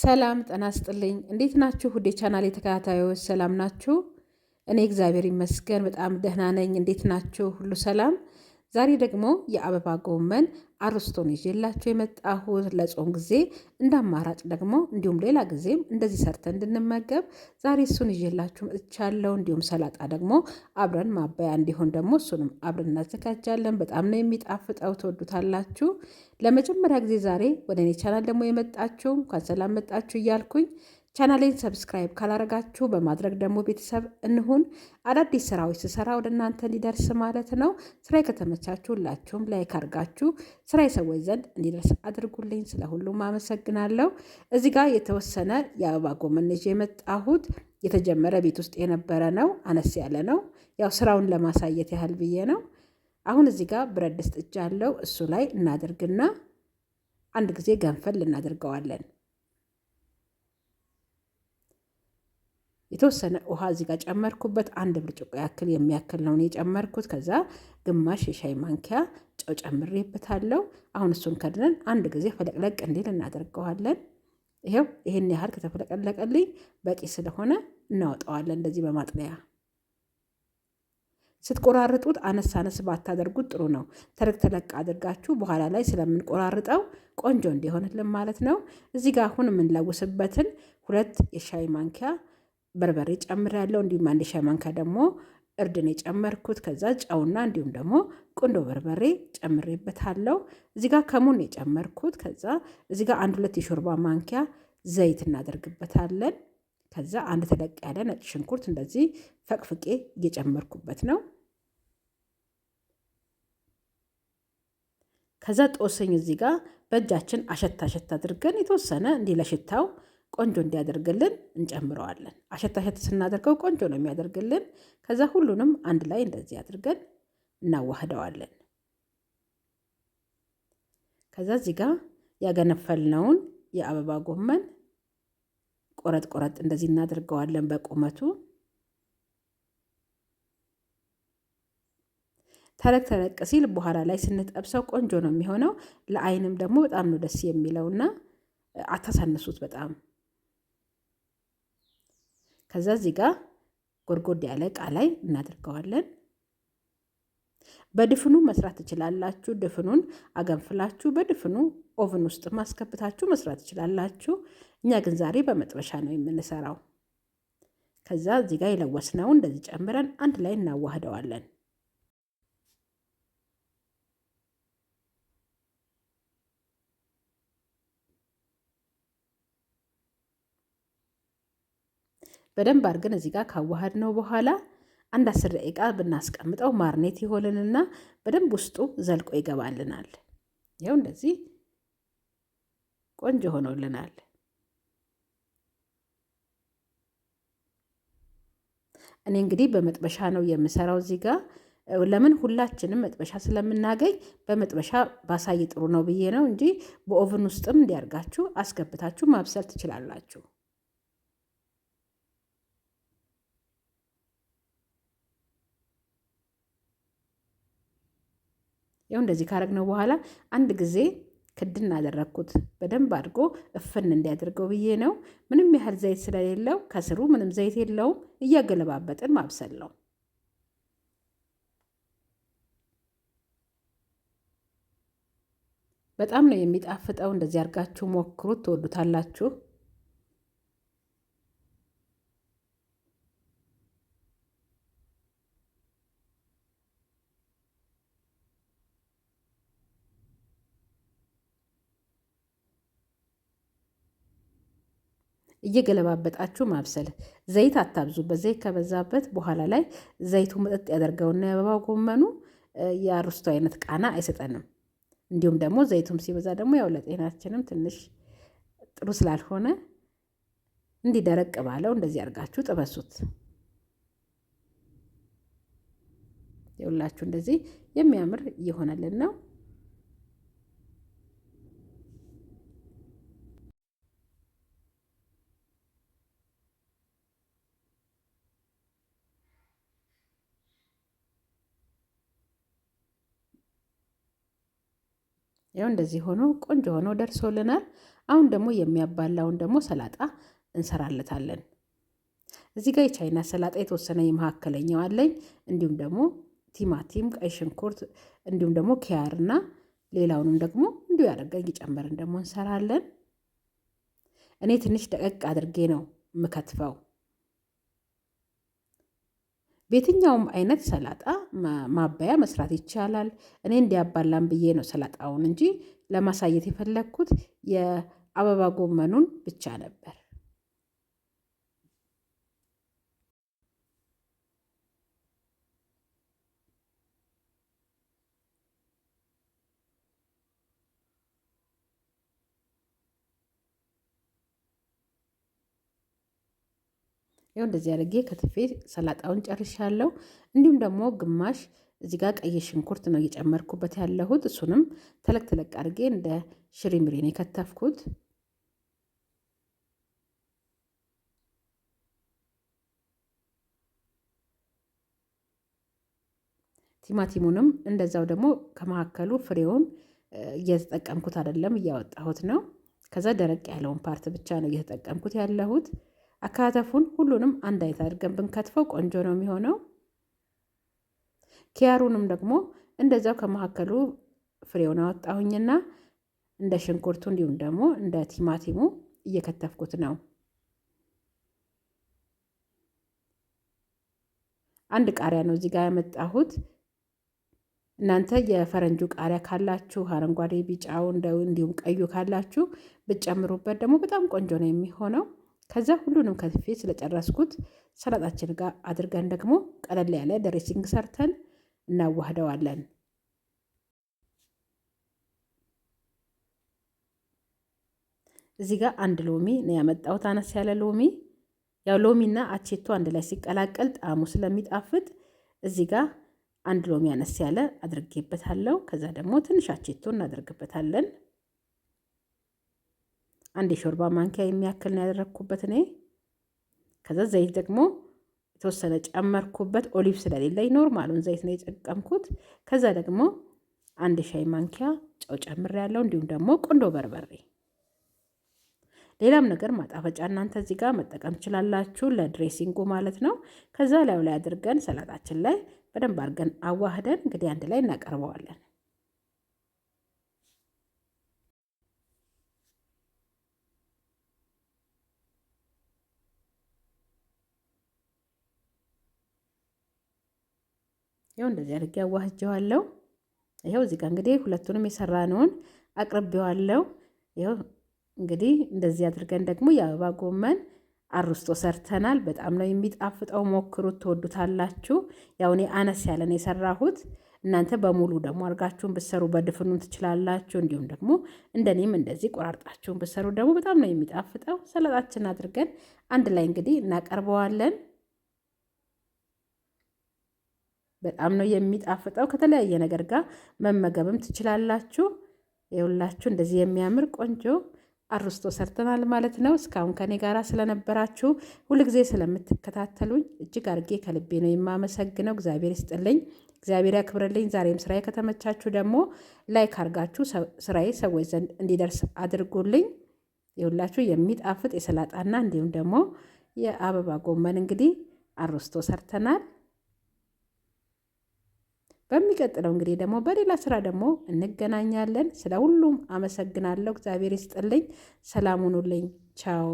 ሰላም ጠና ስጥልኝ። እንዴት ናችሁ? ሁዴ ቻናል ተከታታዮች ሰላም ናችሁ? እኔ እግዚአብሔር ይመስገን በጣም ደህና ነኝ። እንዴት ናችሁ? ሁሉ ሰላም ዛሬ ደግሞ የአበባ ጎመን አርስቶን ይዤላችሁ የመጣሁት ለጾም ጊዜ እንደ አማራጭ ደግሞ እንዲሁም ሌላ ጊዜም እንደዚህ ሰርተን እንድንመገብ ዛሬ እሱን ይዤላችሁ መጥቻለሁ። እንዲሁም ሰላጣ ደግሞ አብረን ማባያ እንዲሆን ደግሞ እሱንም አብረን እናዘጋጃለን። በጣም ነው የሚጣፍጠው፣ ትወዱታላችሁ። ለመጀመሪያ ጊዜ ዛሬ ወደ እኔ ቻናል ደግሞ የመጣችሁ እንኳን ሰላም መጣችሁ እያልኩኝ ቻናሌን ሰብስክራይብ ካላረጋችሁ በማድረግ ደግሞ ቤተሰብ እንሁን። አዳዲስ ስራዎች ስሰራ ወደ እናንተ ሊደርስ ማለት ነው። ስራ ከተመቻችሁ ሁላችሁም ላይክ አርጋችሁ ስራ የሰዎች ዘንድ እንዲደርስ አድርጉልኝ። ስለ ሁሉም አመሰግናለሁ። እዚህ ጋር የተወሰነ የአበባ ጎመን ይዤ የመጣሁት የተጀመረ ቤት ውስጥ የነበረ ነው። አነስ ያለ ነው። ያው ስራውን ለማሳየት ያህል ብዬ ነው። አሁን እዚህ ጋር ብረት ድስት እጃለሁ። እሱ ላይ እናደርግና አንድ ጊዜ ገንፈል እናደርገዋለን። የተወሰነ ውሃ እዚህ ጋር ጨመርኩበት። አንድ ብርጭቆ ያክል የሚያክል ነው የጨመርኩት። ከዛ ግማሽ የሻይ ማንኪያ ጨው ጨምሬበታለሁ። አሁን እሱን ከድነን አንድ ጊዜ ፈለቅለቅ እንዲል እናደርገዋለን። ይኸው ይህን ያህል ከተፈለቀለቀልኝ በቂ ስለሆነ እናወጣዋለን። እንደዚህ በማጥለያ ስትቆራርጡት አነስ አነስ ባታደርጉት ጥሩ ነው። ተለቅ ተለቅ አድርጋችሁ በኋላ ላይ ስለምንቆራርጠው ቆንጆ እንዲሆንልን ማለት ነው። እዚህ ጋር አሁን የምንለውስበትን ሁለት የሻይ ማንኪያ በርበሬ ጨምሬያለሁ። እንዲሁም አንድ ሻይ ማንካ ደግሞ እርድን የጨመርኩት ከዛ ጨውና እንዲሁም ደግሞ ቁንዶ በርበሬ ጨምሬበታለሁ። እዚ ጋር ከሙን የጨመርኩት ከዛ እዚ ጋር አንድ ሁለት የሾርባ ማንኪያ ዘይት እናደርግበታለን። ከዛ አንድ ተለቅ ያለ ነጭ ሽንኩርት እንደዚህ ፈቅፍቄ እየጨመርኩበት ነው። ከዛ ጦስኝ እዚ ጋር በእጃችን አሸት አሸት አድርገን የተወሰነ እንዲህ ለሽታው ቆንጆ እንዲያደርግልን እንጨምረዋለን። አሸት አሸት ስናደርገው ቆንጆ ነው የሚያደርግልን። ከዛ ሁሉንም አንድ ላይ እንደዚህ አድርገን እናዋህደዋለን። ከዛ እዚህ ጋር ያገነፈልነውን የአበባ ጎመን ቆረጥ ቆረጥ እንደዚህ እናደርገዋለን በቁመቱ ተለቅ ተለቅ ሲል በኋላ ላይ ስንጠብሰው ቆንጆ ነው የሚሆነው። ለአይንም ደግሞ በጣም ነው ደስ የሚለውና አታሳንሱት በጣም ከዛ እዚህ ጋር ጎድጎድ ያለ እቃ ላይ እናደርገዋለን። በድፍኑ መስራት ትችላላችሁ። ድፍኑን አገንፍላችሁ በድፍኑ ኦቭን ውስጥ ማስከብታችሁ መስራት ትችላላችሁ። እኛ ግን ዛሬ በመጥበሻ ነው የምንሰራው። ከዛ እዚህ ጋር የለወስነው እንደዚህ ጨምረን አንድ ላይ እናዋህደዋለን። በደንብ አድርገን እዚህ ጋር ካዋሃድ ነው በኋላ አንድ አስር ደቂቃ ብናስቀምጠው ማርኔት ይሆንንና በደንብ ውስጡ ዘልቆ ይገባልናል። ይኸው እንደዚህ ቆንጆ ሆኖልናል። እኔ እንግዲህ በመጥበሻ ነው የምሰራው እዚህ ጋር ለምን ሁላችንም መጥበሻ ስለምናገኝ በመጥበሻ ባሳይ ጥሩ ነው ብዬ ነው እንጂ በኦቨን ውስጥም እንዲያርጋችሁ አስገብታችሁ ማብሰል ትችላላችሁ። ይኸው እንደዚህ ካረግነው በኋላ አንድ ጊዜ ክድን አደረግኩት በደንብ አድርጎ እፍን እንዲያደርገው ብዬ ነው። ምንም ያህል ዘይት ስለሌለው ከስሩ ምንም ዘይት የለውም። እያገለባበጥን ማብሰል ነው። በጣም ነው የሚጣፍጠው። እንደዚህ አድርጋችሁ ሞክሩት፣ ትወዱታላችሁ። እየገለባበጣችሁ ማብሰል። ዘይት አታብዙበት። ዘይት ከበዛበት በኋላ ላይ ዘይቱ መጠጥ ያደርገውና የአበባ ጎመኑ የአርስቶ አይነት ቃና አይሰጠንም። እንዲሁም ደግሞ ዘይቱም ሲበዛ ደግሞ ያው ለጤናችንም ትንሽ ጥሩ ስላልሆነ እንዲደረቅ ባለው እንደዚህ አድርጋችሁ ጥበሱት። የሁላችሁ እንደዚህ የሚያምር እየሆነልን ነው። ያው እንደዚህ ሆኖ ቆንጆ ሆኖ ደርሶልናል። አሁን ደግሞ የሚያባላውን ደግሞ ሰላጣ እንሰራለታለን። እዚህ ጋር የቻይና ሰላጣ የተወሰነ የመካከለኛው አለኝ። እንዲሁም ደግሞ ቲማቲም፣ ቀይ ሽንኩርት እንዲሁም ደግሞ ኪያርና ሌላውንም ደግሞ እንዲሁ ያደርገን እየጨመርን ደግሞ እንሰራለን። እኔ ትንሽ ደቀቅ አድርጌ ነው የምከትፈው። በየትኛውም አይነት ሰላጣ ማባያ መስራት ይቻላል። እኔ እንዲያባላን ብዬ ነው ሰላጣውን እንጂ ለማሳየት የፈለኩት የአበባ ጎመኑን ብቻ ነበር ያው እንደዚህ አድርጌ ከትፌ ሰላጣውን ጨርሻለሁ። እንዲሁም ደግሞ ግማሽ እዚህ ጋር ቀይ ሽንኩርት ነው እየጨመርኩበት ያለሁት። እሱንም ተለቅ ተለቅ አድርጌ እንደ ሽሪምሪን የከተፍኩት ቲማቲሙንም እንደዛው ደግሞ ከመካከሉ ፍሬውን እየተጠቀምኩት አይደለም፣ እያወጣሁት ነው። ከዛ ደረቅ ያለውን ፓርት ብቻ ነው እየተጠቀምኩት ያለሁት። አካተፉን ሁሉንም አንድ አይነት አድርገን ብንከትፈው ቆንጆ ነው የሚሆነው። ኪያሩንም ደግሞ እንደዛው ከመካከሉ ፍሬውን አወጣሁኝና እንደ ሽንኩርቱ እንዲሁም ደግሞ እንደ ቲማቲሙ እየከተፍኩት ነው። አንድ ቃሪያ ነው እዚህ ጋር ያመጣሁት። እናንተ የፈረንጁ ቃሪያ ካላችሁ አረንጓዴ፣ ቢጫው እንዲሁም ቀዩ ካላችሁ ብትጨምሩበት ደግሞ በጣም ቆንጆ ነው የሚሆነው። ከዛ ሁሉንም ከትፌ ስለጨረስኩት ሰላጣችን ጋር አድርገን ደግሞ ቀለል ያለ ደሬሲንግ ሰርተን እናዋህደዋለን። እዚህ ጋር አንድ ሎሚ ነው ያመጣሁት፣ አነስ ያለ ሎሚ። ያው ሎሚና አቼቶ አንድ ላይ ሲቀላቀል ጣዕሙ ስለሚጣፍጥ እዚህ ጋር አንድ ሎሚ አነስ ያለ አድርጌበታለሁ። ከዛ ደግሞ ትንሽ አቼቶ እናደርግበታለን። አንድ የሾርባ ማንኪያ የሚያክል ነው ያደረግኩበት እኔ። ከዛ ዘይት ደግሞ የተወሰነ ጨመርኩበት። ኦሊቭ ስለሌለኝ ኖርማሉን ዘይት ነው የጠቀምኩት። ከዛ ደግሞ አንድ ሻይ ማንኪያ ጨው ጨምር ያለው እንዲሁም ደግሞ ቆንዶ በርበሬ ሌላም ነገር ማጣፈጫ እናንተ እዚህ ጋር መጠቀም ትችላላችሁ፣ ለድሬሲንጉ ማለት ነው። ከዛ ላዩ ላይ አድርገን ሰላጣችን ላይ በደንብ አድርገን አዋህደን እንግዲህ አንድ ላይ እናቀርበዋለን። ይኸው እንደዚህ አድርጌ አዋህጀዋለሁ። ይኸው እዚህ ጋ እንግዲህ ሁለቱንም የሰራነውን አቅርቤዋለሁ። ይኸው እንግዲህ እንደዚህ አድርገን ደግሞ የአበባ ጎመን አርስቶ ሰርተናል። በጣም ነው የሚጣፍጠው፣ ሞክሩት፣ ትወዱታላችሁ። ያው እኔ አነስ ያለን የሰራሁት እናንተ በሙሉ ደግሞ አድርጋችሁን ብሰሩ በድፍኑን ትችላላችሁ። እንዲሁም ደግሞ እንደኔም እንደዚህ ቆራርጣችሁን ብሰሩ ደግሞ በጣም ነው የሚጣፍጠው። ሰላጣችን አድርገን አንድ ላይ እንግዲህ እናቀርበዋለን። በጣም ነው የሚጣፍጠው። ከተለያየ ነገር ጋር መመገብም ትችላላችሁ። የሁላችሁ እንደዚህ የሚያምር ቆንጆ አሩስቶ ሰርተናል ማለት ነው። እስካሁን ከኔ ጋር ስለነበራችሁ ሁልጊዜ ስለምትከታተሉኝ እጅግ አድርጌ ከልቤ ነው የማመሰግነው። እግዚአብሔር ይስጥልኝ፣ እግዚአብሔር ያክብርልኝ። ዛሬም ስራዬ ከተመቻችሁ ደግሞ ላይክ አርጋችሁ ስራዬ ሰዎች ዘንድ እንዲደርስ አድርጉልኝ። የሁላችሁ የሚጣፍጥ የሰላጣና እንዲሁም ደግሞ የአበባ ጎመን እንግዲህ አሩስቶ ሰርተናል። በሚቀጥለው እንግዲህ ደግሞ በሌላ ስራ ደግሞ እንገናኛለን። ስለ ሁሉም አመሰግናለሁ። እግዚአብሔር ይስጥልኝ። ሰላም ሁኑልኝ። ቻው